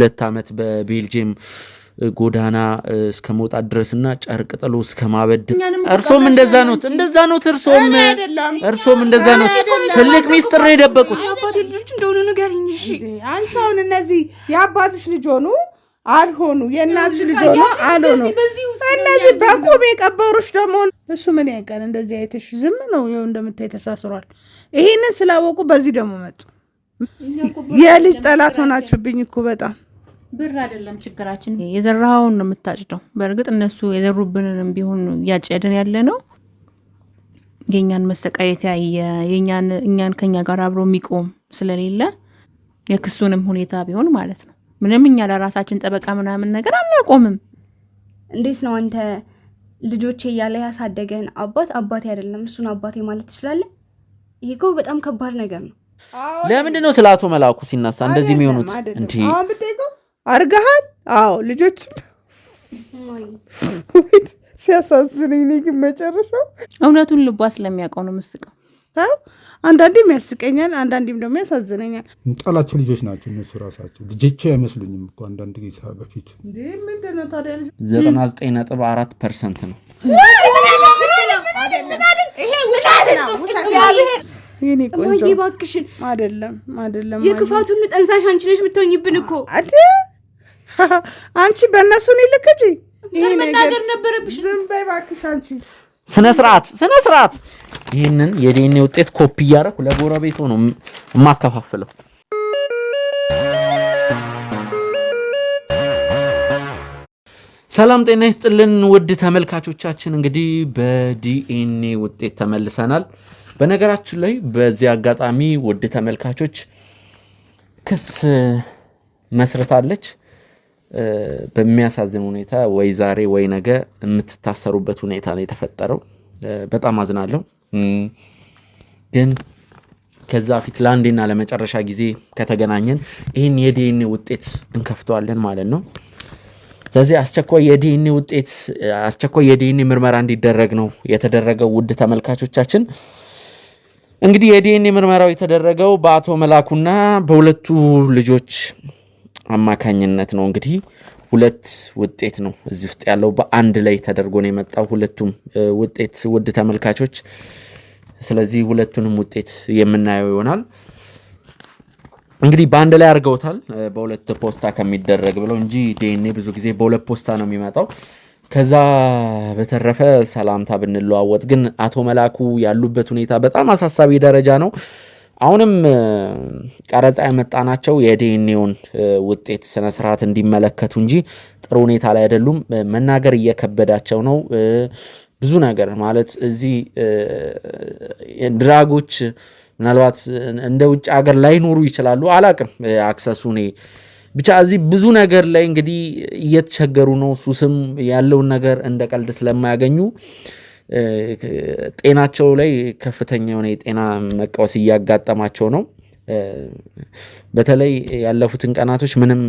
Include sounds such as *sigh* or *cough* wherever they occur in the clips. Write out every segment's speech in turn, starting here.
ሁለት ዓመት በቤልጅየም ጎዳና እስከ መውጣት ድረስና ጨርቅ ጥሎ እስከ ማበድ እርሶም እንደዛ ኖት፣ እንደዛ ኖት፣ እርሶም እርሶም እንደዛ ኖት። ትልቅ ሚስጥር ነው የደበቁት። አንቺ አሁን እነዚህ የአባትሽ ልጅ ሆኑ አልሆኑ የእናትሽ ልጅ ሆኑ አልሆኑ እነዚህ በቁም የቀበሩሽ ደግሞ እሱ ምን ያውቃል? እንደዚህ አይተሽ ዝም ነው። ይኸው እንደምታይ ተሳስሯል። ይሄንን ስላወቁ በዚህ ደግሞ መጡ። የልጅ ጠላት ሆናችሁብኝ እኮ በጣም ብር አይደለም ችግራችን፣ የዘራኸውን ነው የምታጭደው። በእርግጥ እነሱ የዘሩብንንም ቢሆን እያጨድን ያለ ነው። የእኛን መሰቃየት ያየ እኛን ከኛ ጋር አብሮ የሚቆም ስለሌለ የክሱንም ሁኔታ ቢሆን ማለት ነው ምንም እኛ ለራሳችን ጠበቃ ምናምን ነገር አናቆምም። እንዴት ነው አንተ ልጆቼ እያለ ያሳደገን አባት አባቴ አይደለም እሱን አባቴ ማለት ትችላለህ? ይሄ እኮ በጣም ከባድ ነገር ነው። ለምንድን ነው ስለ አቶ መላኩ ሲነሳ እንደዚህ የሚሆኑት? አርገሃል? አዎ። ልጆች ሲያሳዝነኝ፣ እኔ ግን መጨረሻው እውነቱን ልቧ ስለሚያውቀው ነው ምስቀው አንዳንዴም ያስቀኛል፣ አንዳንዴም ደግሞ ያሳዝነኛል። ምጣላቸው ልጆች ናቸው እነሱ ራሳቸው ልጆቸው አይመስሉኝም እኮ አንዳንድ ጊዜ በፊት ዘጠና ዘጠኝ ነጥብ አራት ፐርሰንት ነው። የኔ ቆንጆ አይደለም አይደለም፣ የክፋት ሁሉ ጠንሳሽ አንቺ ነሽ የምትሆኝብን እኮ *laughs* አንቺ በእነሱን ይልክ እንጂ መናገር ነበረብሽ። ዝም በይ እባክሽ አንቺ። ስነ ስርዓት ስነ ስርዓት። ይህንን የዲኤንኤ ውጤት ኮፒ እያደረኩ ለጎረቤቱ ነው የማከፋፍለው። ሰላም ጤና ይስጥልን ውድ ተመልካቾቻችን፣ እንግዲህ በዲኤንኤ ውጤት ተመልሰናል። በነገራችን ላይ በዚህ አጋጣሚ ውድ ተመልካቾች ክስ መስርታለች በሚያሳዝን ሁኔታ ወይ ዛሬ ወይ ነገ የምትታሰሩበት ሁኔታ ነው የተፈጠረው። በጣም አዝናለሁ። ግን ከዛ ፊት ለአንዴና ለመጨረሻ ጊዜ ከተገናኘን ይህን የዲኤንኤ ውጤት እንከፍተዋለን ማለት ነው። ስለዚህ አስቸኳይ የዲኤንኤ ውጤት አስቸኳይ የዲኤንኤ ምርመራ እንዲደረግ ነው የተደረገው። ውድ ተመልካቾቻችን እንግዲህ የዲኤንኤ ምርመራው የተደረገው በአቶ መላኩና በሁለቱ ልጆች አማካኝነት ነው እንግዲህ ሁለት ውጤት ነው እዚህ ውስጥ ያለው በአንድ ላይ ተደርጎ ነው የመጣው ሁለቱም ውጤት ውድ ተመልካቾች። ስለዚህ ሁለቱንም ውጤት የምናየው ይሆናል እንግዲህ በአንድ ላይ አድርገውታል በሁለት ፖስታ ከሚደረግ ብለው እንጂ ዴኔ ብዙ ጊዜ በሁለት ፖስታ ነው የሚመጣው። ከዛ በተረፈ ሰላምታ ብንለዋወጥ ግን አቶ መላኩ ያሉበት ሁኔታ በጣም አሳሳቢ ደረጃ ነው። አሁንም ቀረጻ የመጣናቸው የዲኤንኤውን ውጤት ስነስርዓት እንዲመለከቱ እንጂ ጥሩ ሁኔታ ላይ አይደሉም። መናገር እየከበዳቸው ነው። ብዙ ነገር ማለት እዚህ ድራጎች ምናልባት እንደ ውጭ ሀገር ላይኖሩ ይችላሉ። አላቅም አክሰሱ እኔ ብቻ እዚህ ብዙ ነገር ላይ እንግዲህ እየተቸገሩ ነው። ሱስም ያለውን ነገር እንደ ቀልድ ስለማያገኙ ጤናቸው ላይ ከፍተኛ የሆነ የጤና መቃወስ እያጋጠማቸው ነው። በተለይ ያለፉትን ቀናቶች ምንም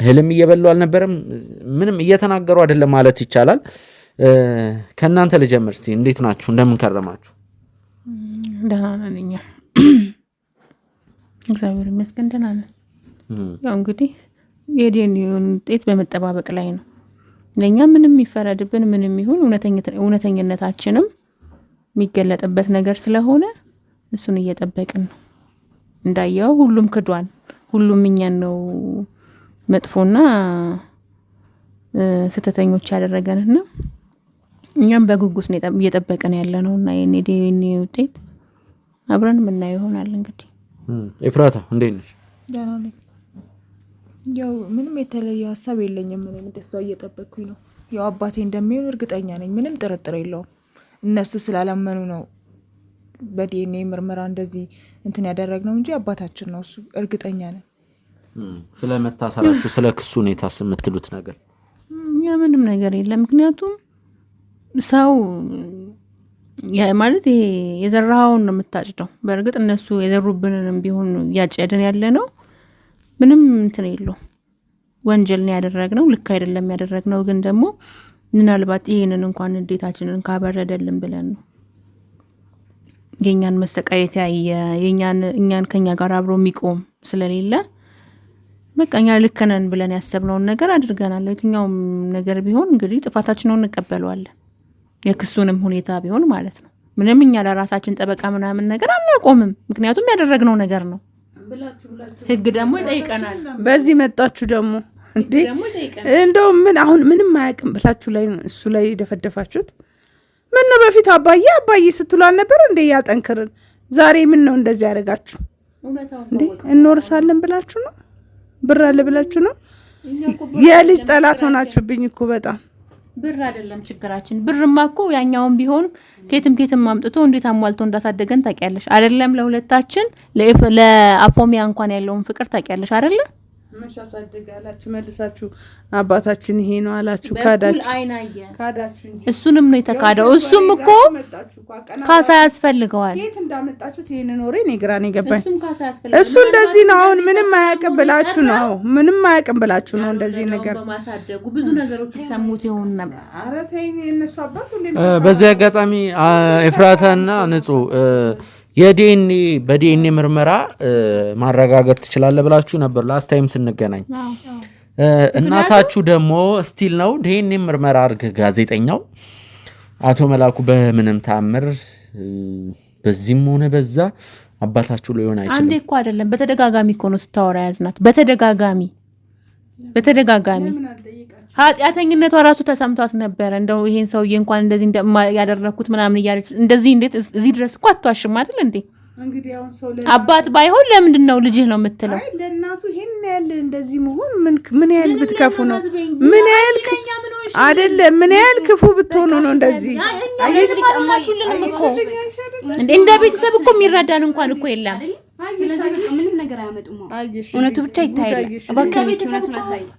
እህልም እየበሉ አልነበረም። ምንም እየተናገሩ አይደለም ማለት ይቻላል። ከእናንተ ልጀምር እስቲ። እንዴት ናችሁ? እንደምን ከረማችሁ? ደህና ነን እኛ እግዚአብሔር ይመስገን ደህና ነን። ያው እንግዲህ የዲኤንኤውን ውጤት በመጠባበቅ ላይ ነው ለእኛ ምንም የሚፈረድብን ምንም ይሁን እውነተኝነታችንም የሚገለጥበት ነገር ስለሆነ እሱን እየጠበቅን ነው። እንዳየው ሁሉም ክዷል። ሁሉም እኛን ነው መጥፎና ስህተተኞች ያደረገንና እኛም በጉጉት እየጠበቅን ያለ ነው እና የኔ ውጤት አብረን የምናየው ይሆናል እንግዲህ። ኤፍራታ እንዴት ነሽ? ያው ምንም የተለየ ሀሳብ የለኝም። ምንም እንደሷ እየጠበቅኩኝ ነው። ያው አባቴ እንደሚሆን እርግጠኛ ነኝ። ምንም ጥርጥር የለውም። እነሱ ስላላመኑ ነው በዲኤንኤ ምርመራ እንደዚህ እንትን ያደረግነው እንጂ አባታችን ነው እሱ፣ እርግጠኛ ነን። ስለ ስለ ክሱ ሁኔታስ የምትሉት ነገር? እኛ ምንም ነገር የለም። ምክንያቱም ሰው ማለት ይሄ የዘራኸውን ነው የምታጭደው። በእርግጥ እነሱ የዘሩብንንም ቢሆን እያጨድን ያለ ነው ምንም እንትን የለውም። ወንጀል ነው ልክ አይደለም ያደረግ ነው ግን ደግሞ ምናልባት ይህንን እንኳን እንዴታችንን ካበረደልን ብለን ነው የእኛን መሰቃየት ያየ እኛን ከኛ ጋር አብሮ የሚቆም ስለሌለ በቃ እኛ ልክ ነን ብለን ያሰብነውን ነገር አድርገናል። የትኛውም ነገር ቢሆን እንግዲህ ጥፋታችን እንቀበለዋለን። የክሱንም ሁኔታ ቢሆን ማለት ነው። ምንም እኛ ለራሳችን ጠበቃ ምናምን ነገር አናቆምም፣ ምክንያቱም ያደረግነው ነገር ነው። ህግ ደግሞ ይጠይቀናል። በዚህ መጣችሁ ደግሞ እንዴ እንደው ምን አሁን ምንም አያውቅም ብላችሁ ላይ እሱ ላይ የደፈደፋችሁት ምን ነው? በፊት አባዬ አባዬ ስትሉ ነበር እንዴ? እያጠንክርን ዛሬ ምን ነው እንደዚህ ያደረጋችሁ እንዴ? እንወርሳለን ብላችሁ ነው? ብር አለ ብላችሁ ነው? የልጅ ጠላት ሆናችሁብኝ እኮ በጣም ብር አይደለም ችግራችን። ብርማ እኮ ያኛውን ቢሆን ኬትም ኬትም አምጥቶ እንዴት አሟልቶ እንዳሳደገን ታውቂያለሽ አይደለም? ለሁለታችን ለአፎሚያ እንኳን ያለውን ፍቅር ታውቂያለሽ አይደለም? መሽ አላችሁ መልሳችሁ አባታችን ይሄ ነው አላችሁ። ካዳችሁ እሱንም ነው የተካደው። እሱም እኮ ካሳ ያስፈልገዋል። የት እንዳመጣችሁት እኔ ግራ ነው የገባኝ። እሱ እንደዚህ ነው አሁን ምንም አያውቅም ብላችሁ ነው ምንም አያውቅም ብላችሁ ነው እንደዚህ ነገር በማሳደጉ ብዙ ነገሮች ይሆን ነበር። በዚህ አጋጣሚ ኤፍራታና ንጹህ የዲኤንኤ በዲኤንኤ ምርመራ ማረጋገጥ ትችላለህ ብላችሁ ነበር ላስት ታይም ስንገናኝ። እናታችሁ ደግሞ ስቲል ነው ዲኤንኤ ምርመራ አድርግ። ጋዜጠኛው አቶ መላኩ በምንም ታምር በዚህም ሆነ በዛ አባታችሁ ሊሆን አይችልም። አንዴ እኮ አይደለም፣ በተደጋጋሚ እኮ ነው ስታወራ ያዝናት፣ በተደጋጋሚ በተደጋጋሚ ኃጢአተኝነቷ ራሱ ተሰምቷት ነበረ። እንደው ይሄን ሰውዬ እንኳን እንደዚህ ያደረግኩት ምናምን እያለች እንደዚህ እንዴት እዚህ ድረስ እኮ አትዋሽም አይደል እንዴ? አባት ባይሆን ለምንድን ነው ልጅህ ነው የምትለው? ለእናቱ ይሄን ያህል እንደዚህ መሆን ምን ያህል ብትከፉ ነው? ምን ያህል አይደለም፣ ምን ያህል ክፉ ብትሆኑ ነው እንደዚህ? እንደ ቤተሰብ እኮ የሚረዳን እንኳን እኮ የለም። ምንም ነገር አያመጡም። እውነቱ ብቻ ይታያል።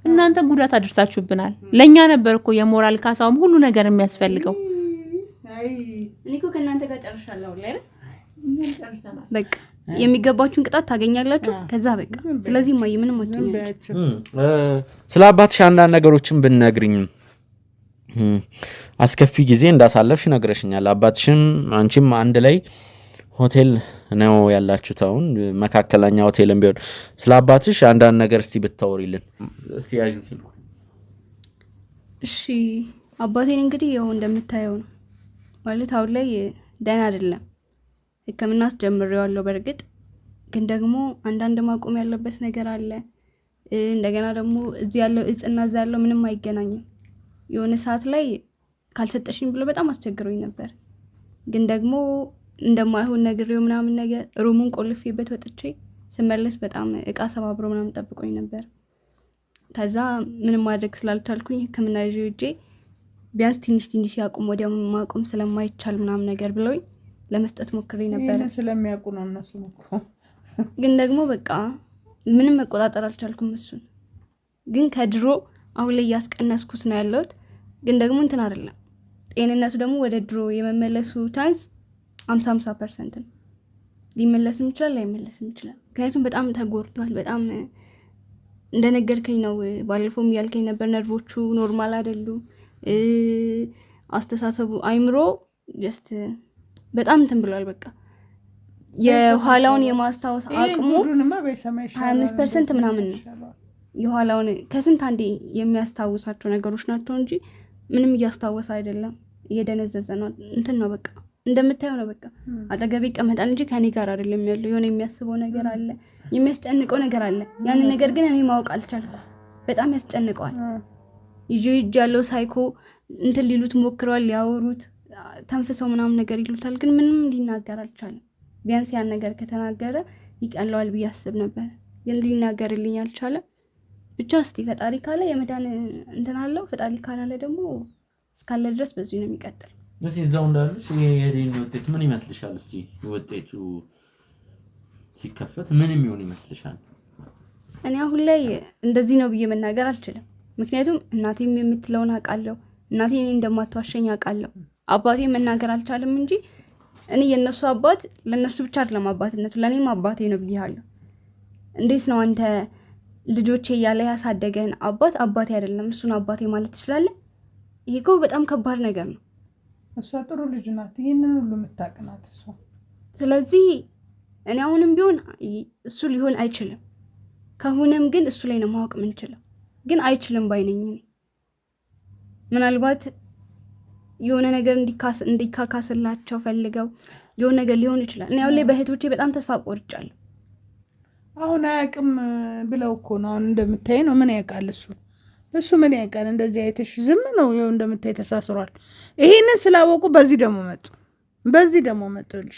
እናንተ ጉዳት አድርሳችሁብናል። ለእኛ ነበር እኮ የሞራል ካሳውም ሁሉ ነገር የሚያስፈልገው። እኔ እኮ ከእናንተ ጋር ጨርሻለሁ። በቃ የሚገባችሁን ቅጣት ታገኛላችሁ። ከዛ በቃ ስለዚህ ማየ ምንም ወ ስለ አባትሽ አንዳንድ ነገሮችን ብነግርኝም አስከፊ ጊዜ እንዳሳለፍሽ ነግረሽኛል። አባትሽም አንቺም አንድ ላይ ሆቴል ነው ያላችሁት። አሁን መካከለኛ ሆቴልም ቢሆን ስለ አባትሽ አንዳንድ ነገር እስቲ ብታወሪልን። እሺ አባቴን እንግዲህ ያው እንደምታየው ነው ማለት አሁን ላይ ደህና አይደለም። ሕክምና አስጀምሬዋለሁ። በእርግጥ ግን ደግሞ አንዳንድ ማቆም ያለበት ነገር አለ። እንደገና ደግሞ እዚህ ያለው እጽና እዛ ያለው ምንም አይገናኝም። የሆነ ሰዓት ላይ ካልሰጠሽኝ ብሎ በጣም አስቸግሮኝ ነበር ግን ደግሞ እንደማይሆን ነግሬው ምናምን ነገር ሩሙን ቆልፌበት ወጥቼ ስመለስ በጣም እቃ ሰባብሮ ምናምን ጠብቆኝ ነበር። ከዛ ምንም ማድረግ ስላልቻልኩኝ ሕክምና ይዤ ሂጄ ቢያንስ ትንሽ ትንሽ ያቁም ወዲያ ማቆም ስለማይቻል ምናምን ነገር ብለውኝ ለመስጠት ሞክሬ ነበር። ስለሚያውቁ ነው እነሱ እኮ ግን ደግሞ በቃ ምንም መቆጣጠር አልቻልኩም። እሱን ግን ከድሮ አሁን ላይ እያስቀነስኩት ነው ያለሁት። ግን ደግሞ እንትን አይደለም ጤንነቱ ደግሞ ወደ ድሮ የመመለሱ ቻንስ ሀምሳ ሀምሳ ፐርሰንት ነው። ሊመለስም ይችላል ላይመለስም ይችላል። ምክንያቱም በጣም ተጎድቷል። በጣም እንደነገርከኝ ነው። ባለፈውም ያልከኝ ነበር ነርቮቹ ኖርማል አደሉ አስተሳሰቡ አይምሮ ጀስት በጣም እንትን ብሏል። በቃ የኋላውን የማስታወስ አቅሙ ሀያ ፐርሰንት ምናምን ነው። የኋላውን ከስንት አንዴ የሚያስታውሳቸው ነገሮች ናቸው እንጂ ምንም እያስታወሰ አይደለም። እየደነዘዘ ነው። እንትን ነው በቃ እንደምታየው ነው። በቃ አጠገቤ ይቀመጣል እንጂ ከኔ ጋር አይደለም ያለው። የሆነ የሚያስበው ነገር አለ፣ የሚያስጨንቀው ነገር አለ። ያንን ነገር ግን እኔ ማወቅ አልቻልኩ። በጣም ያስጨንቀዋል። ይዤ ይዤ ያለው ሳይኮ እንትን ሊሉት ሞክረዋል፣ ሊያወሩት ተንፍሰው ምናምን ነገር ይሉታል፣ ግን ምንም ሊናገር አልቻለም። ቢያንስ ያን ነገር ከተናገረ ይቀለዋል ብዬ አስብ ነበር፣ ግን ሊናገርልኝ አልቻለም። ብቻ እስቲ ፈጣሪ ካለ የመዳን እንትን አለው፣ ፈጣሪ ካላለ ደግሞ እስካለ ድረስ በዚሁ ነው የሚቀጥል። በስ እዛው እንዳለሽ የሄደን ውጤት ምን ይመስልሻል? እስቲ ውጤቱ ሲከፈት ምን የሚሆን ይመስልሻል? እኔ አሁን ላይ እንደዚህ ነው ብዬ መናገር አልችልም። ምክንያቱም እናቴም የምትለውን አውቃለሁ፣ እናቴ እኔ እንደማትዋሸኝ አውቃለሁ። አባቴ መናገር አልቻለም እንጂ እኔ የእነሱ አባት ለእነሱ ብቻ አይደለም አባትነቱ ለእኔም አባቴ ነው ብያለሁ። እንዴት ነው አንተ ልጆቼ እያለ ያሳደገን አባት አባቴ አይደለም እሱን አባቴ ማለት ትችላለህ? ይሄ እኮ በጣም ከባድ ነገር ነው። እሷ ጥሩ ልጅ ናት። ይህንን ሁሉ የምታውቅ ናት እሷ። ስለዚህ እኔ አሁንም ቢሆን እሱ ሊሆን አይችልም። ከሆነም ግን እሱ ላይ ነው ማወቅ የምንችለው። ግን አይችልም ባይነኝ ምናልባት የሆነ ነገር እንዲካካስላቸው ፈልገው የሆነ ነገር ሊሆን ይችላል። እኔ አሁን ላይ በእህቶቼ በጣም ተስፋ ቆርጫለሁ። አሁን አያውቅም ብለው እኮ ነው አሁን እንደምታይ ነው። ምን ያውቃል እሱ እሱ ምን ያውቃል? እንደዚህ አይተሽ ዝም ነው ይኸው እንደምታይ ተሳስሯል። ይሄንን ስላወቁ በዚህ ደግሞ መጡ፣ በዚህ ደግሞ ልጅ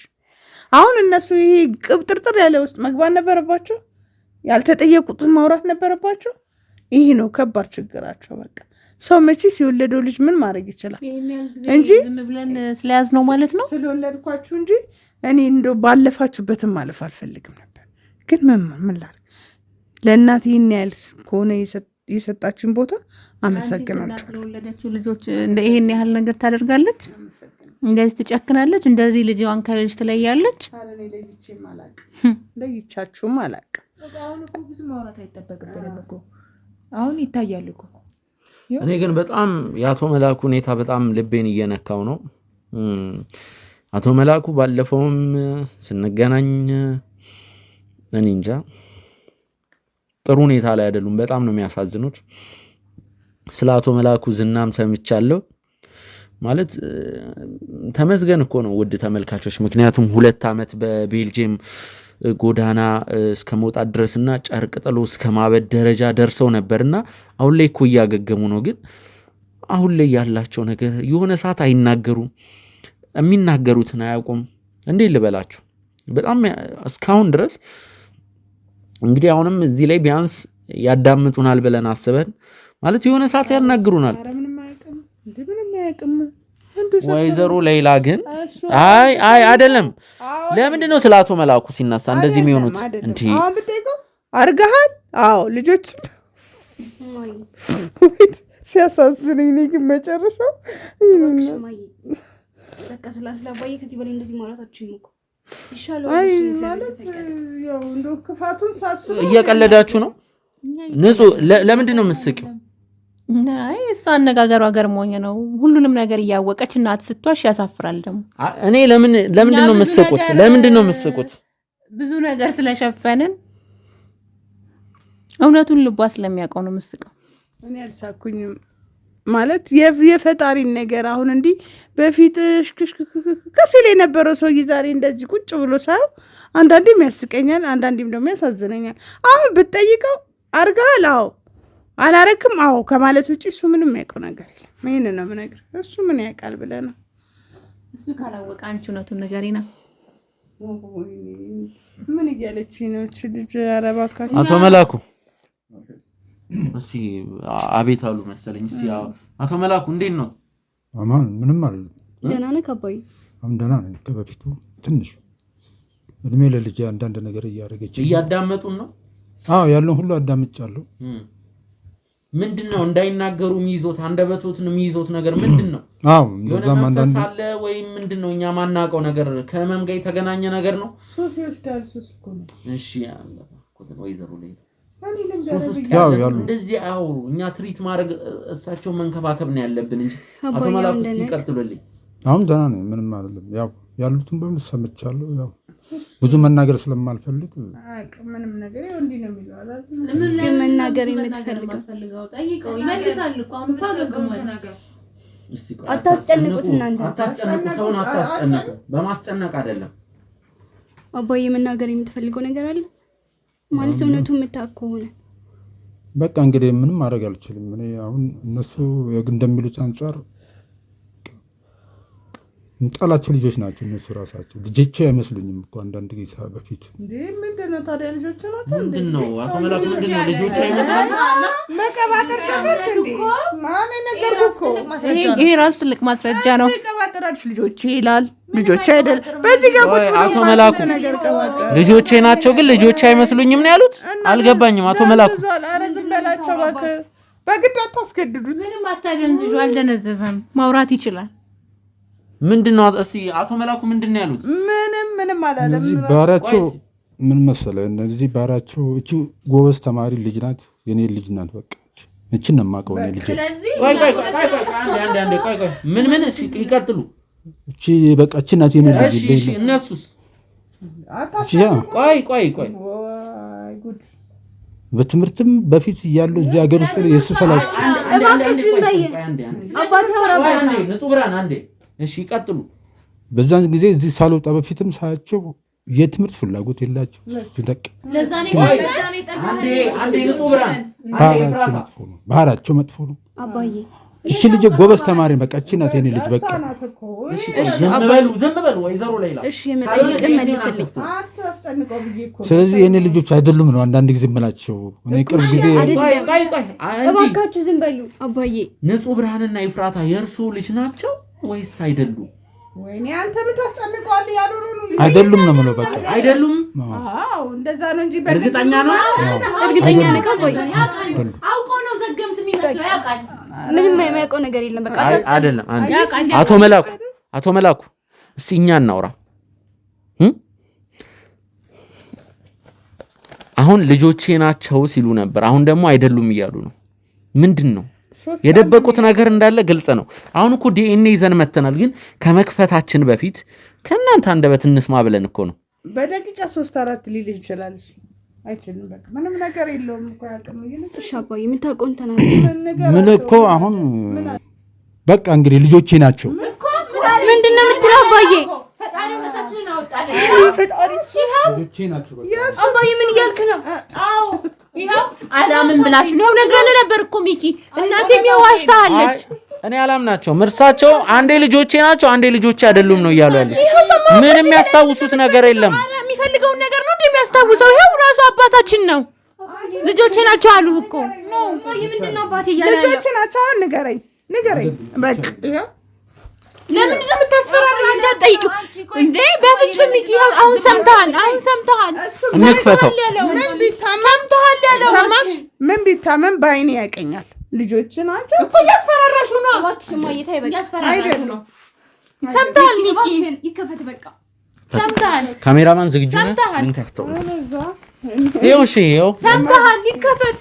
አሁን እነሱ ይሄ ቅብጥርጥር ያለ ውስጥ መግባት ነበረባቸው። ያልተጠየቁትን ማውራት ነበረባቸው። ይህ ነው ከባድ ችግራቸው። በቃ ሰው መቼ ሲወለደው ልጅ ምን ማድረግ ይችላል እንጂ ብለን ስለያዝ ነው ማለት ነው ስለወለድኳችሁ እንጂ እኔ እንደው ባለፋችሁበትም ማለፍ አልፈልግም ነበር፣ ግን ምን ምን ላድርግ ለእናት ይህን ያህል ከሆነ የሰጥ የሰጣችን ቦታ አመሰግናቸው። ለወለደችው ልጆች ይሄን ያህል ነገር ታደርጋለች፣ እንደዚህ ትጨክናለች፣ እንደዚህ ልጅ አንከረጅ ትለያለች። ለይቻችሁም አላቅ አሁን እኮ ብዙ ማውራት አይጠበቅብንም እኮ አሁን ይታያል እኮ። እኔ ግን በጣም የአቶ መላኩ ሁኔታ በጣም ልቤን እየነካው ነው። አቶ መላኩ ባለፈውም ስንገናኝ እኔ እንጃ ጥሩ ሁኔታ ላይ አይደሉም። በጣም ነው የሚያሳዝኑት። ስለ አቶ መላኩ ዝናም ሰምቻለሁ። ማለት ተመስገን እኮ ነው ውድ ተመልካቾች፣ ምክንያቱም ሁለት ዓመት በቤልጅየም ጎዳና እስከ መውጣት ድረስና ጨርቅ ጥሎ እስከ ማበድ ደረጃ ደርሰው ነበርና አሁን ላይ እኮ እያገገሙ ነው። ግን አሁን ላይ ያላቸው ነገር የሆነ ሰዓት አይናገሩም፣ የሚናገሩትን አያውቁም። እንዴት ልበላችሁ በጣም እስካሁን ድረስ እንግዲህ አሁንም እዚህ ላይ ቢያንስ ያዳምጡናል ብለን አስበን ማለት የሆነ ሰዓት ያናግሩናል። ወይዘሮ ሌላ ግን አይ አይ አይደለም። ለምንድን ነው ስለ አቶ መላኩ ሲነሳ እንደዚህ የሚሆኑት? እንዲ አርገሃል? አዎ ልጆች ሲያሳዝነኝ እኔ ግን መጨረሻው ከዚህ በላይ እንደዚህ እየቀለዳችሁ ነው? ንጹህ ለምንድን ነው የምትስቂው? አይ እሷ አነጋገሯ ገርሞኝ ነው። ሁሉንም ነገር እያወቀች እናት ስትዋሽ ያሳፍራል። ደግሞ እኔ ለምን ለምንድን ነው የምትስቁት? ለምንድን ነው የምትስቁት? ብዙ ነገር ስለሸፈንን እውነቱን ልቧ ስለሚያውቀው ነው የምትስቀው። እኔ አልሳኩኝም። ማለት የፈጣሪን ነገር አሁን እንዲህ በፊት ከሲል የነበረው ሰውዬ ዛሬ እንደዚህ ቁጭ ብሎ ሳየው አንዳንዴም ያስቀኛል፣ አንዳንዴም ደግሞ ያሳዝነኛል። አሁን ብትጠይቀው አርገሃል፣ አዎ አላረክም፣ አዎ ከማለት ውጭ እሱ ምንም ያውቀው ነገር የለም። ይህን ነው የምነግር። እሱ ምን ያውቃል ብለ ነው እሱ ካላወቀ አንቺ እውነቱን ነገር ነው። ምን እያለች ነው ልጅ? ኧረ አቶ መላኩ እስቲ አቤት አሉ መሰለኝ። እስቲ አቶ መላኩ እንዴት ነው? አማን ምንም አለ። ደህና ነህ አባዬ? ደህና ነኝ። ከበፊቱ ትንሽ እድሜ ለልጅ አንዳንድ ነገር እያደረገች እያዳመጡን ነው። አዎ ያለውን ሁሉ አዳምጫለሁ። ምንድን ነው እንዳይናገሩ የሚይዞት አንደበቶትን የሚይዞት ነገር ምንድን ነው? *clears throat* አዎ እንደዛም አንዳንድ አለ ወይም ምንድን ነው እኛ ማናውቀው ነገር ከህመም ጋር የተገናኘ ነገር ነው። ሱስ ይወስዳል። ሱስ እኮ ነው። እሺ ወይዘሮ ላይ እንደዚህ አውሩ። እኛ ትሪት ማድረግ እሳቸው መንከባከብ ነው ያለብን እንጂ አቶ መላኩ ይቀጥሉልኝ። አሁን ዘና ነው ምንም አይደለም። ያው ያሉትን በሙሉ ሰምቻለሁ። ያው ብዙ መናገር ስለማልፈልግ ምንም መናገር የምትፈልገው አታስጨንቁት፣ እናንተ አታስጨንቁ፣ ሰውን አታስጨንቁ። በማስጨነቅ አይደለም አባዬ። መናገር የምትፈልገው ነገር አለ ማለት እውነቱ የምታውቅ ከሆነ በቃ እንግዲህ ምንም ማድረግ አልችልም። እኔ አሁን እነሱ እንደሚሉት አንጻር ጠላቸው ልጆች ናቸው እነሱ ራሳቸው ልጆቸው አይመስሉኝም እኮ አንዳንድ ጊዜ በፊት ይሄ ራሱ ትልቅ ማስረጃ ነው ልጆቼ ይላል ልጆች አይደል በዚህ ጋር ቁጭ አቶ መላኩ ልጆቼ ናቸው ግን ልጆቼ አይመስሉኝም ነው ያሉት አልገባኝም አቶ መላኩ ኧረ ዝም በላቸው እባክህ በግድ አታስገድዱት ምንም አታደንዝዡ አልደነዘዘም ማውራት ይችላል ምንድን ነው እስኪ አቶ መላኩ ምንድን ነው ያሉት? ምንም ምንም አላለም። እነዚህ ባህሪያቸው ምን መሰለህ? እነዚህ ባህሪያቸው እቺ ጎበዝ ተማሪ ልጅ ናት፣ የኔ ልጅ ናት። በቃ እችን ነው የማውቀው እኔ ልጅ። ምን ምን ይቀጥሉ። እቺ በቃ እቺ ናት የኔ ልጅ። እሺ እነሱስ? ቆይ ቆይ ቆይ በትምህርትም በፊት ያለው እዚህ ሀገር ውስጥ የስሰላቸው እሺ ይቀጥሉ። በዛን ጊዜ እዚህ ሳልወጣ በፊትም ሳያቸው የትምህርት ፍላጎት የላቸው ባህራቸው መጥፎ ነው። እቺ ልጅ ጎበዝ ተማሪ በቃ እቺ ናት የኔ ልጅ በቃ ስለዚህ የኔ ልጆች አይደሉም ነው አንዳንድ ጊዜ የምላቸው ቅርብ ጊዜ እባካችሁ ዝም በሉ አባዬ ንጹህ ብርሃንና ይፍራታ የእርሱ ልጅ ናቸው ወይስ አይደሉም? ወይኔ አንተ የምታስጨንቀዋል። ያልሆኑ አይደሉም ነው የምለው። በቃ አይደሉም። አዎ እንደዛ ነው እንጂ እርግጠኛ ነው፣ እርግጠኛ ነው። ቆይ አውቆ ነው ዘገምት የሚመስለው። ያውቃል፣ ምንም የማያውቀው ነገር የለም። በቃ አይደለም። አቶ መላኩ፣ አቶ መላኩ፣ እስቲ እኛ እናውራ። አሁን ልጆቼ ናቸው ሲሉ ነበር፣ አሁን ደግሞ አይደሉም እያሉ ነው። ምንድን ነው የደበቁት ነገር እንዳለ ግልጽ ነው። አሁን እኮ ዲኤንኤ ይዘን መተናል፣ ግን ከመክፈታችን በፊት ከእናንተ አንደበት እንስማ ብለን እኮ ነው። በደቂቃ ሶስት አራት ሊል ይችላል። አይችልም። በቃ ምንም ነገር የለውም እኮ ያቅም ምን እኮ አሁን በቃ እንግዲህ ልጆቼ ናቸው። ምንድን ነው የምትለው አባዬ? ፈጣሪ ምን እያልክ ነው? አላምን ብላችሁ ነው ነግረን ነበር እኮ ሚኪ። እናቴም ያዋሽታለች። እኔ አላምናቸውም። እርሳቸው አንዴ ልጆቼ ናቸው አንዴ ልጆቼ አይደሉም ነው እያሉ ያለ። ምን ያስታውሱት ነገር የለም። የሚፈልገውን ነገር ነው እንደሚያስታውሰው። ይኸው ራሱ አባታችን ነው። ልጆቼ ናቸው አሉ እኮ ልጆቼ ናቸው። ንገረኝ ንገረኝ በቃ ለምንድን ነው የምታስፈራሪው? አንቺ አትጠይቂው እንዴ! በፍጹም አሁን ሰምተሃል፣ አሁን ሰምተሃል፣ ሰምተሃል ምን ቢታመን በአይኔ ያቀኛል። ልጆች ናቸው እኮ እያስፈራራሽ ሆኖ ሰምተሃል? ይከፈት በቃ ሰምተሃል? ካሜራማን ዝግጁ ይኸው እሺ፣ ይኸው ሰምተሃል? ይከፈት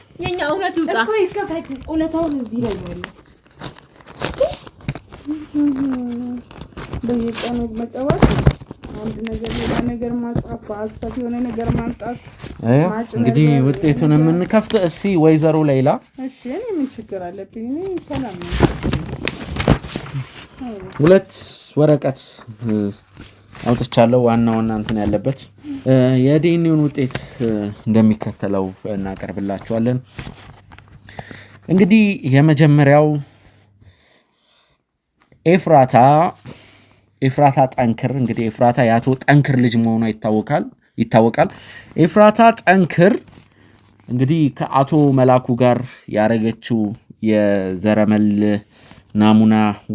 እውነት ይውጣ እኮ ይከፈት። እውነታውን እዚህ ላይ ያለ በየቀኑ አንድ ነገር እንግዲህ ውጤቱን የምንከፍት እስኪ ወይዘሮ ሌላ ሁለት ወረቀት አውጥቻለሁ። ዋናው እናንተን ያለበት የዲኤንኤውን ውጤት እንደሚከተለው እናቀርብላችኋለን። እንግዲህ የመጀመሪያው ኤፍራታ ኤፍራታ ጠንክር እንግዲህ ኤፍራታ የአቶ ጠንክር ልጅ መሆኗ ይታወቃል ይታወቃል። ኤፍራታ ጠንክር እንግዲህ ከአቶ መላኩ ጋር ያደረገችው የዘረመል ናሙና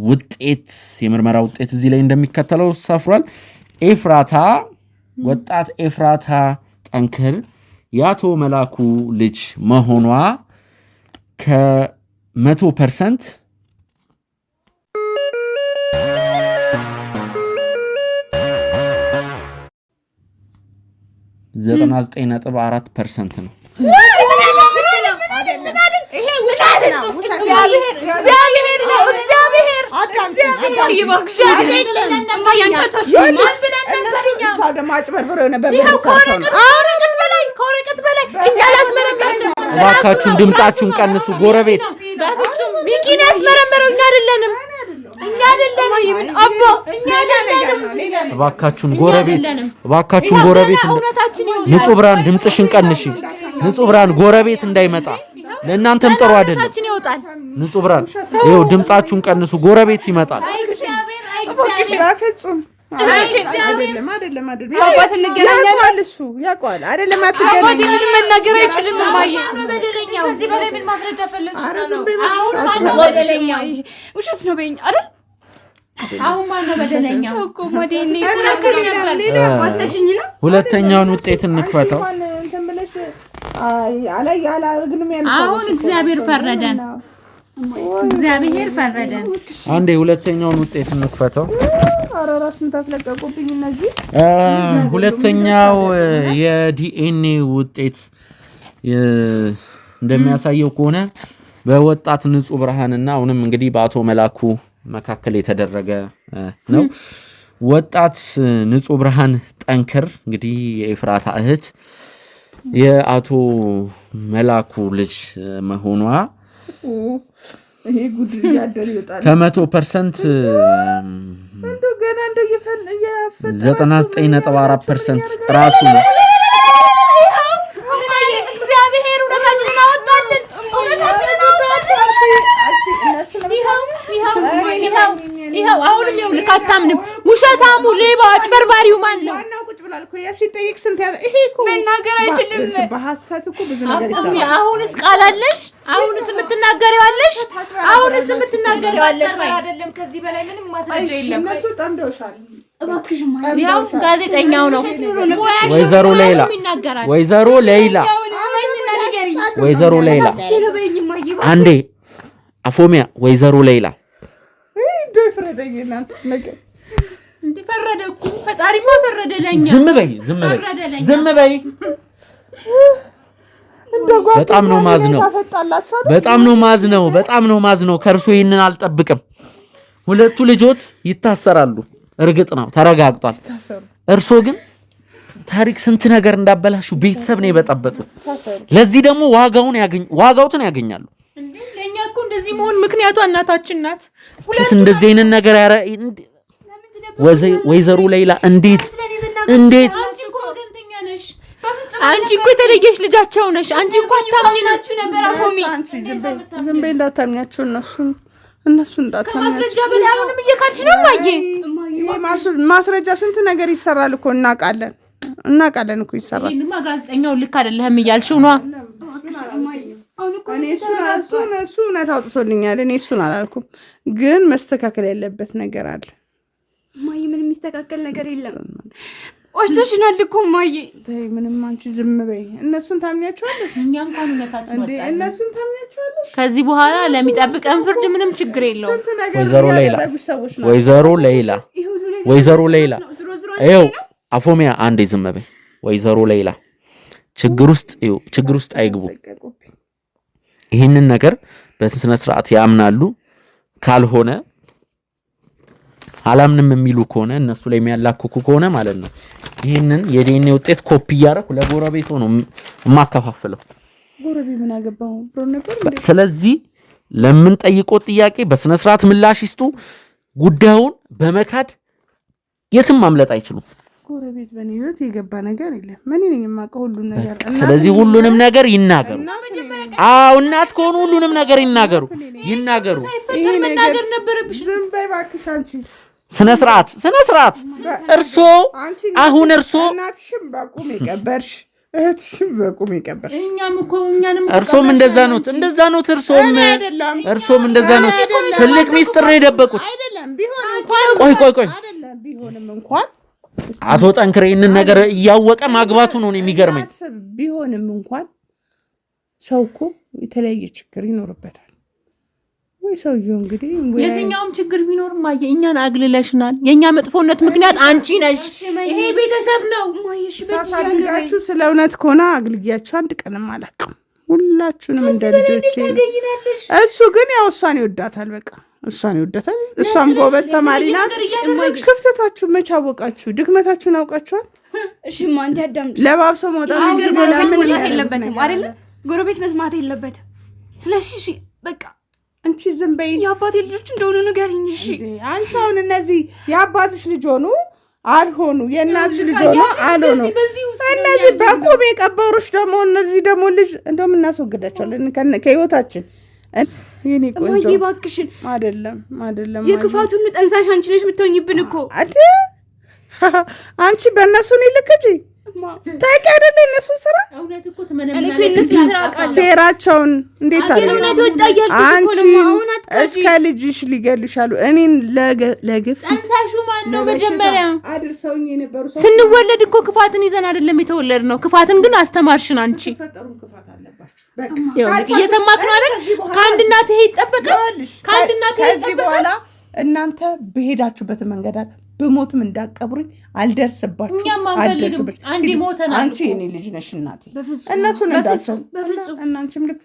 ውጤት የምርመራ ውጤት እዚህ ላይ እንደሚከተለው ሰፍሯል። ኤፍራታ ወጣት ኤፍራታ ጠንክር የአቶ መላኩ ልጅ መሆኗ ከመቶ ፐርሰንት 99.4 ፐርሰንት ነው። እባካችሁን ድምጻችሁን ቀንሱ ጎረቤት ሚኪን ያስመረመረው እኛ አይደለንም። እባካችሁን ጎረቤት እባካችሁን ጎረቤት ንጹህ ብርሃን ድምፅሽን ቀንሽ። ንጹህ ብርሃን ጎረቤት እንዳይመጣ ለእናንተም ጥሩ አይደለም። ንጹህ ብርሃን ይኸው ድምፃችሁን ቀንሱ፣ ጎረቤት ይመጣል። በፍጹም ውሸት ነው በይኝ አይደል ሁለተኛውን ውጤት እንክፈተው። አሁን እግዚአብሔር ፈረደን፣ እግዚአብሔር ፈረደን። አንዴ ሁለተኛውን ውጤት እንክፈተው። ሁለተኛው የዲኤንኤ ውጤት እንደሚያሳየው ከሆነ በወጣት ንጹህ ብርሃንና አሁንም እንግዲህ በአቶ መላኩ መካከል የተደረገ ነው። ወጣት ንጹህ ብርሃን ጠንከር እንግዲህ የኤፍራታ እህት የአቶ መላኩ ልጅ መሆኗ ከመቶ ፐርሰንት ዘጠና ዘጠኝ ነጥብ አራት ፐርሰንት ራሱ ነው። ይኸው አሁንም ይኸውልህ፣ አታምንም። ውሸታሙ፣ ሌባው፣ አጭበርባሪው ማን ነው? መናገር አይችልም። አሁንስ ቃል አለሽ? አሁንስ የምትናገሪው አሁንስ የምትናገሪው አይደለም። ከዚህ በላይ ምንም ማስረጃ የለም። ያው ጋዜጠኛው ነው። ወይዘሮ ሌይላ ወይዘሮ ሌይላ ወይዘሮ ሌይላ አንዴ አፎሚያ ወይዘሮ ሌላ። እንደው ይፍረደኝ እናንተ ነገር እኮ ፈጣሪማ ፈረደ ለኛ። ዝም በይ ዝም በይ ዝም በይ። በጣም ነው ማዝነው፣ በጣም ነው ማዝነው፣ በጣም ነው ማዝነው። ይህንን አልጠብቅም። ሁለቱ ልጆት ይታሰራሉ፣ እርግጥ ነው ተረጋግጧል። እርሶ ግን ታሪክ ስንት ነገር እንዳበላሹ ቤተሰብ ነው የበጠበጡት። ለዚህ ደግሞ ዋጋውን ዋጋውትን ያገኛሉ። እንደዚህ መሆን ምክንያቷ እናታችን ናት። ሁለት እንደዚህ አይነት ነገር ያረ ወይዘሮ ሌላ እንዴት እንዴት አንቺ እኮ የተለየሽ ልጃቸው ነሽ። አንቺ እኮ አታምናችሁ ነበር። አፎሚ ዝም በይ፣ እንዳታምኛቸው እነሱ እነሱ እንዳታምናቸው በላይ አሁንም እየካድሽ ነው። ማየ ማስረጃ ስንት ነገር ይሰራል እኮ እናውቃለን፣ እናውቃለን እኮ ይሰራል። ጋዜጠኛውን ልክ አይደለህም እያልሽው ነዋ እሱ እውነት አውጥቶልኛል። እኔ እሱን አላልኩም፣ ግን መስተካከል ያለበት ነገር አለ። እማዬ ምን የሚስተካከል ነገር የለም። እኮ ተይ ምንም፣ አንቺ ዝም በይ። እነሱን ታምኛቸዋለሽ? እኛ እንኳን እነሱን ታምኛቸዋለሽ? ከዚህ በኋላ ለሚጠብቀን ፍርድ ምንም ችግር የለውም። ወይዘሮ ሌላ ወይዘሮ ሌላ ወይዘሮ ሌላ ይኸው አፎሚያ፣ አንዴ ዝም በይ። ወይዘሮ ሌላ ችግር ውስጥ ችግር ውስጥ አይግቡ። ይህንን ነገር በስነ ስርዓት ያምናሉ። ካልሆነ አላምንም የሚሉ ከሆነ እነሱ ላይ የሚያላክኩ ከሆነ ማለት ነው ይህንን የዲኤንኤ ውጤት ኮፒ እያደረኩ ለጎረቤቶ ነው የማከፋፍለው። ስለዚህ ለምንጠይቀው ጥያቄ በስነ ስርዓት ምላሽ ይስጡ። ጉዳዩን በመካድ የትም ማምለጥ አይችሉም። ጎረቤት በእኔ ህይወት የገባ ነገር የለም። ምን ነኝ የማውቀው ሁሉን ነገር። ስለዚህ ሁሉንም ነገር ይናገሩ። አዎ እናት ከሆኑ ሁሉንም ነገር ይናገሩ፣ ይናገሩ። ዝም በይ እባክሽ አንቺ። ስነ ስርዓት፣ ስነ ስርዓት። እርሶ አሁን እርሶ እናትሽም በቁም የቀበርሽ እህትሽም በቁም የቀበርሽ እርሶም እንደዛ ኖት፣ እንደዛ ኖት። እርሶም እርሶም እንደዛ ኖት። ትልቅ ሚስጥር ነው የደበቁት። ቆይ ቆይ ቆይ አይደለም ቢሆንም እንኳን አቶ ጠንክሬ ይህንን ነገር እያወቀ ማግባቱ ነው የሚገርመኝ። ቢሆንም እንኳን ሰው እኮ የተለያየ ችግር ይኖርበታል። ወይ ሰውየው እንግዲህ የትኛውም ችግር ቢኖር ማየ እኛን አግልለሽናል። የእኛ መጥፎነት ምክንያት አንቺ ነሽ። ይሄ ቤተሰብ ነው ሳሳድጋችሁ። ስለ እውነት ከሆነ አግልያቸው አንድ ቀንም አላውቅም። ሁላችሁንም እንደ እሱ ግን ያው እሷን ይወዳታል በቃ እሷን ይወዳታል። እሷም ጎበዝ ተማሪ ናት። ክፍተታችሁን መች አወቃችሁ? ድክመታችሁን አውቃችኋል። ለባብሶ መውጣት የለበትም አይደለም። ጎረቤት መስማት የለበትም። ስለዚህ በቃ አንቺ ዝም በይ። የአባቴ ልጆች እንደሆኑ ንገሪኝ። እሺ አንቺ አሁን እነዚህ የአባትሽ ልጅ ሆኑ አልሆኑ የእናትሽ ልጅ ሆኖ አልሆኑ እነዚህ በቁም የቀበሩሽ ደግሞ እነዚህ ደግሞ ልጅ እንደውም እናስወግዳቸዋለን ከህይወታችን እባክሽን አይደለም አይደለም፣ የክፋት ሁሉ ጠንሳሽ አንቺ ነሽ ብትሆኝብን እኮ *laughs* አንቺ በእነሱ እኔ ልክ እንጂ ታውቂ አይደለ እነሱን ስራ ሴራቸውን እንዴት አለ አንቺ እስከ ልጅሽ ሊገልሻሉ እኔን ለግፍ ስንወለድ እኮ ክፋትን ይዘን አይደለም የተወለድ ነው ክፋትን ግን አስተማርሽን አንቺ እየሰማክ ነው አይደል ከአንድ እናት ይሄ ይጠበቃል ከአንድ እናት ይሄ ይጠበቃል እናንተ በሄዳችሁበት መንገድ አለ በሞትም እንዳቀብሩኝ አልደርስባችሁም። አንቺ የኔ ልጅ ነሽ እናቴ። እነሱን እናንቺም ነው።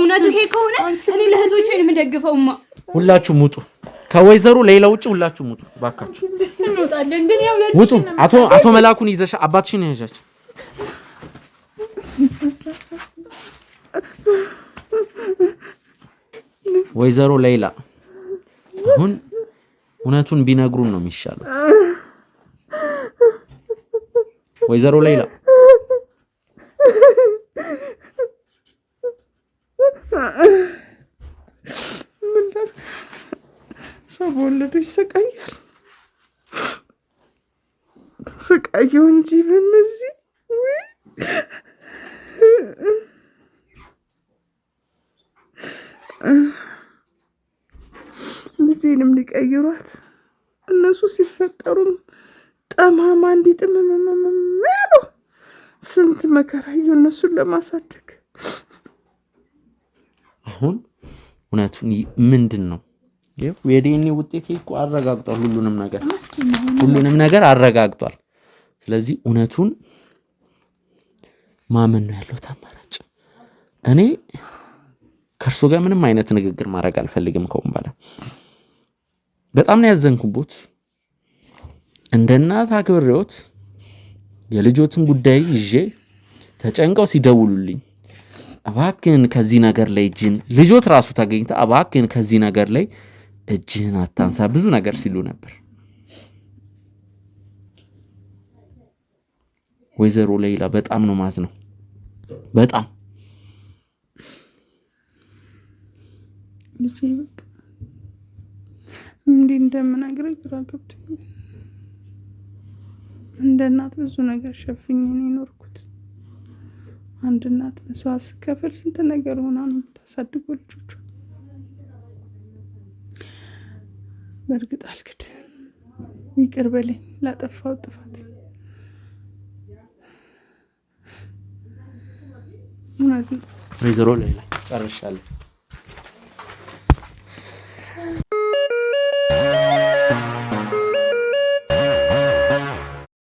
እውነቱ ይሄ ከሆነ እኔ ለእህቶቼ የምደግፈውማ ከወይዘሮ ሌላ ውጭ ሁላችሁ ሙጡ ባካችሁ፣ ውጡ። አቶ መላኩን ይዘሻ አባትሽን ይዣች ወይዘሮ ሌላ አሁን እውነቱን ቢነግሩን ነው የሚሻሉት። ወይዘሮ ሌላ ሰው በወለዱ ይሰቃያል። ተሰቃየው እንጂ በነዚህ ጊዜንም ሊቀይሯት እነሱ ሲፈጠሩም ጠማማ እንዲጥምምምም ያሉ ስንት መከራዩ እነሱን ለማሳደግ አሁን እውነቱን ምንድን ነው የዲኤንኤ ውጤት እኮ አረጋግጧል። ሁሉንም ነገር ሁሉንም ነገር አረጋግጧል። ስለዚህ እውነቱን ማመን ነው ያለው አማራጭ። እኔ ከእርሶ ጋር ምንም አይነት ንግግር ማድረግ አልፈልግም ከሁን በኋላ በጣም ነው ያዘንኩቦት። እንደ እናት አክብሬዎት የልጆትን ጉዳይ ይዤ ተጨንቀው ሲደውሉልኝ እባክህን ከዚህ ነገር ላይ እጅን ልጆት ራሱ ተገኝታ እባክህን ከዚህ ነገር ላይ እጅን አታንሳ ብዙ ነገር ሲሉ ነበር። ወይዘሮ ሌይላ በጣም ነው ማዝ ነው በጣም እንዲህ እንደምነግረ ግራ ገብቶኛል። እንደ እናት ብዙ ነገር ሸፍኝ ነው የኖርኩት። አንድ እናት መስዋዕት ስከፍል ስንት ነገር ሆና ነው የምታሳድገው ልጆቿ። በእርግጥ አልክድ፣ ይቅር በለኝ ላጠፋው ጥፋት። ወይዘሮ ላይ ጨርሻለሁ።